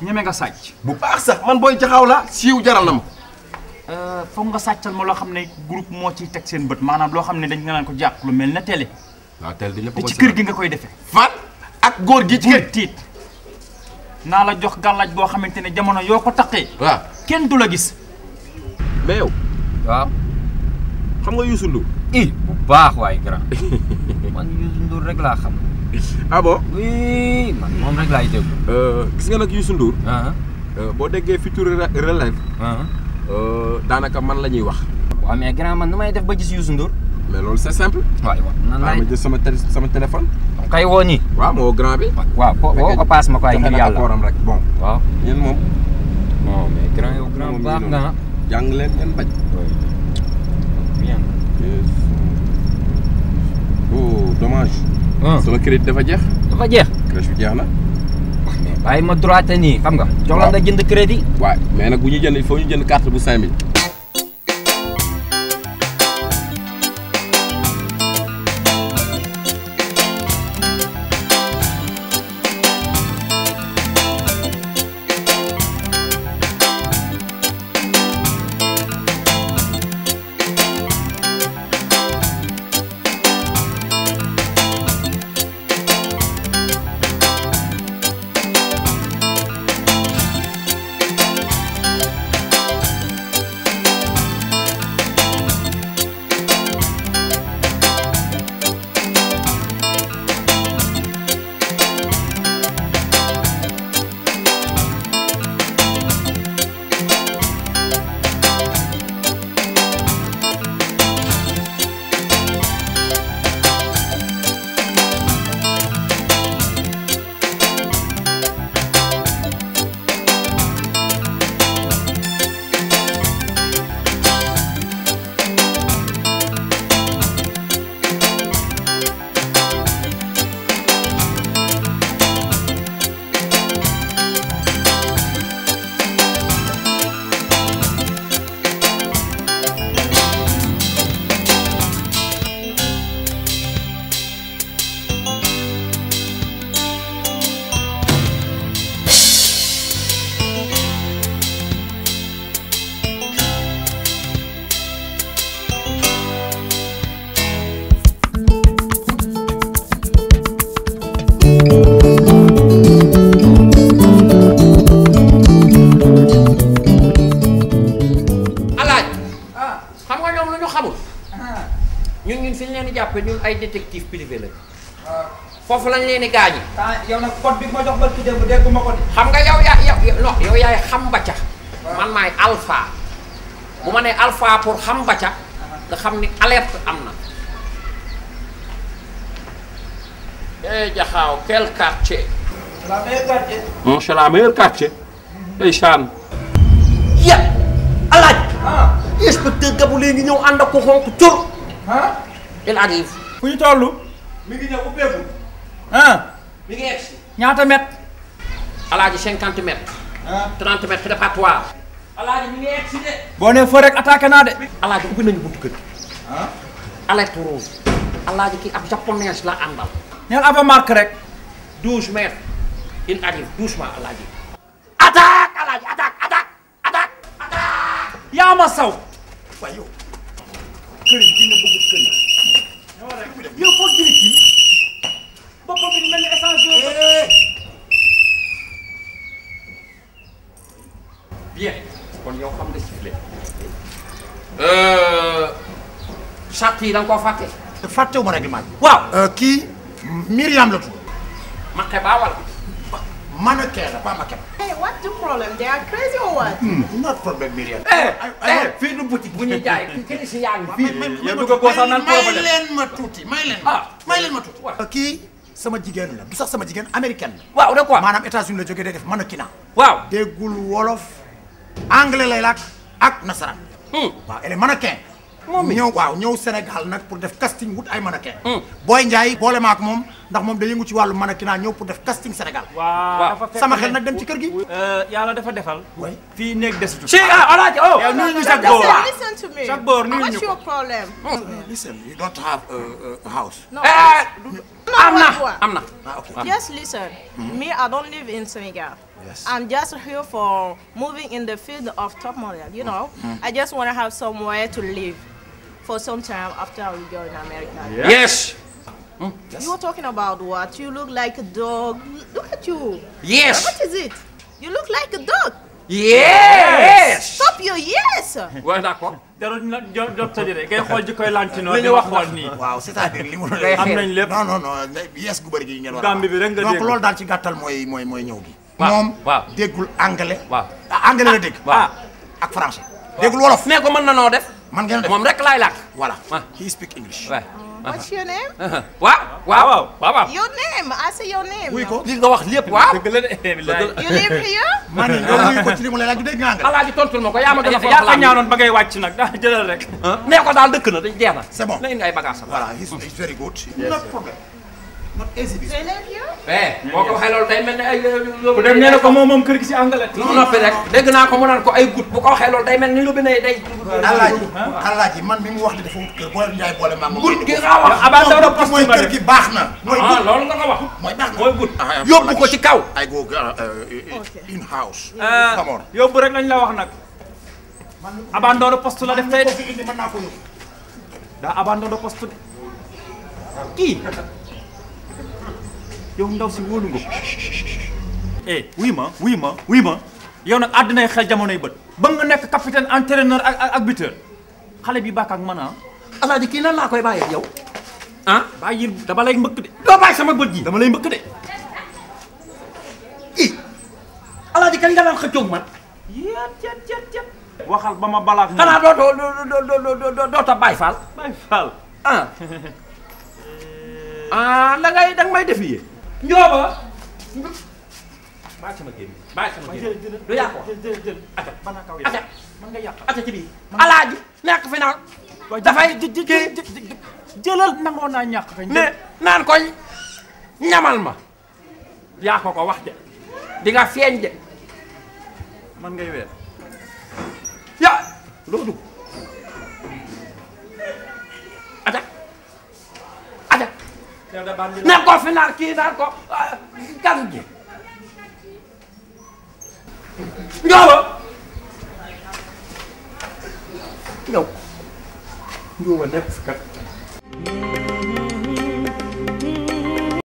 ñeme nga sàcc. bu baax sax man booy jaxaw la siiw jaral na ma. Euh, foog nga sàccal ma loo xam ne groupe moo ciy teg seen bët maanaam loo xam ne dañ nga ko jàpp lu mel na télé. waaw ko ci kër gi nga koy defee. fan ak góor gi ci kër tiit. naa la jox gàllaaj boo xamante ne jamono yoo ko taqee. kenn du la gis. mais waaw xam nga Youssou Ndour i bu baax waaye grand man Youssou Ndour rek laa xam. ah bon oui man moom rek laay déglu. gis nga nag Youssou Ndour. boo déggee Future Relève. daanaka man la ñuy wax. waaw mais grand man nu may def ba gis Youssou Ndour. mais loolu c'est simple. waay nan laay sama sama téléphone. kay waaw ma woo grand bi. waaw ko woo ko paas ma ko ay ngir yàlla rek waaw yéen moom. mais grand yow grand baax nga jàng leen ngeen bañ. bien. Ah. sama crédit dafa jeex. dafa jeex. crèche bi jeex na. wax mais bàyyi ma droité nii xam nga. waaw jox la nga jënd crédit. waaw mais nag bu ñu jënd il ñu jënd carte bu 5000. ñu xamul ah. ñun ñun fi ñu leen di jàppee ñun ay détective privé la ah. foofu lañ leen di gaañi. yow nag code bi ma jox ba kii bu dégg ma xam nga yaw yaa yow yaay xam ba ca ah. man maay alpha bu ma nee alpha pour xam ba nga xam ni alerte am na. eh Jaxaaw quel quartier. c'est la meilleure quartier. c'est la inspecteur Gabou léegi ñëw ànd ak ko xonk cur. ah. il arrive. fu ñu toll. mi ngi ñëw ubbeeku. ah. mi ñaata mètres. alaaji cinquante mètres. ah trente mètres alaaji mi ngi egg de. boo nee rek attaqué naa de. alaaji ubbi nañu buntu kër. ah. alerte rouge. alaaji kii ab japonais la àndal. ñeel avant marque rek. douze mètres. il arrive yaa ma waaye yow kër yi dina bëgg kër yi. yow foo jëlee kii boppam bi mel ni essence eh! bien kon yow xam nga sifflet euh, charte yi da nga koo fàtte. fàttewuma règlement bi. waaw euh, kii Myriam la tudd. Makeba wala. mannequin la pas maquette. hey what's the problem they are crazy or what. Hmm, not problem Miriam. fii du boutique bu ñu jaay kii si yaa ngi fii. yow du ko gosa naan may leen ma tuuti may leen ma. Ah. may leen ma tuuti. kii sama jigéen la du sax sama jigéen américaine la. waaw de quoi maanaam États-Unis la jógee day def mannequinat. waaw déggul wolof anglais lay làkk ak nasaraan. Hmm. waaw elle est mannequin. moom ñëw waaw ñëw Sénégal nag pour def casting wut ay mannequin hmm. Boy Ndiaye boole ma ak moom ndax moom da yëngu ci wàllu mannequinat ñëw pour def casting Sénégal waaw sama xel nag dem ci kër gi euh, yàlla dafa defal fii néeg desitu ci alaaji ah, oh yow nuyu ñu chaque boor listen to me chaque boor nuyu ñu what's your problem oh, listen you don't have a house eh, am na am na yes listen hmm. me I don't live in Sénégal Yes. I'm just here for moving in the field of top model, you know. Mm. I just want to have somewhere to live for some time after I go in America. Yeah. Yes. Mm. yes. You were talking about what? You look like a dog. Look at you. Yes. What is it? You look like a dog. Yes. stop your yes. waaw d'accord jarul na docteur rek ngay xool ji koy lantino li ñu waxoon nii. waaw c'est-à-dire li mu. am nañ lépp non non non yes gu bëri gi ngeen war a. gàmb bi rek nga dégg donc loolu daal ci gàttal mooy mooy mooy ñëw gi. moom déggul anglais. waaw ah, anglais la dégg. Ah, waaw ah, ak français. déggul wolof mais ko mën na noo def. man ngeen def moom rek laay làkk. voilà he speak English. What's your name? waaw waaw waaw. Your name, I say your name. wuy ko li nga wax lépp waaw. dëgg la de. You live here? man nga wuyu ko ci li mu lay laaj dégg nga. alaaji tontul ma ko yaa ma doon yaa ko ñaanoon ba ngay wàcc nag daa jëlal rek. nee ko daal dëkk na jeex na. c'est bon na indi ay bagages. voilà he's very good. no problem. not easy business. boo ko waxee day mel ne ay. Eh, ku dem nee na ko moom moom kër gi si anglais. non noppi rek dégg naa ko mu naan ko ay gut bu ko waxee loolu day mel ni lu bi ne day. alaaji alaaji man mi mu wax ni dafa wut kër boole ma. gut baax na. mooy ah, gut loolu nga ko wax. mooy na mooy gut. Ah, ah, yóbbu ko ci kaw. ay go uh, uh, in house. Euh, yóbbu rek la wax nag. abandon de poste la def tey de. daa abandon de poste de kii. yow ndaw si wóolu nga ko eh wuy eh, ma wuy ma wuy ma yow nag àddinay xel jamonoy bët ba nga nekk capitaine entraîneur ak ak buteur xale bi bàkk ak man ah. alaaji kii nan laa koy bàyyee yow ah bàyyi dama lay mbëkk de doo bàyyi sama bët ji dama lay mbëkk de i alaaji kañ nga daan xëccoog man yat yat yat waxal ba ma balaak ma xanaa dootoo dootoo dootoo Baye Fall Baye Fall ah dangay ah, danga may defiyee Ndioba. bàyyi sama génn bàyyi sama génn du yàqu ata ata man nga yàq ata ci biir alaaji fi naan naa ñàkk kañ ne naan koy ñamal ma yaa ko ko wax de di nga feeñ ne ko fi nar kii nar ko ah, kan ji njooba yow njooba nekk fi kat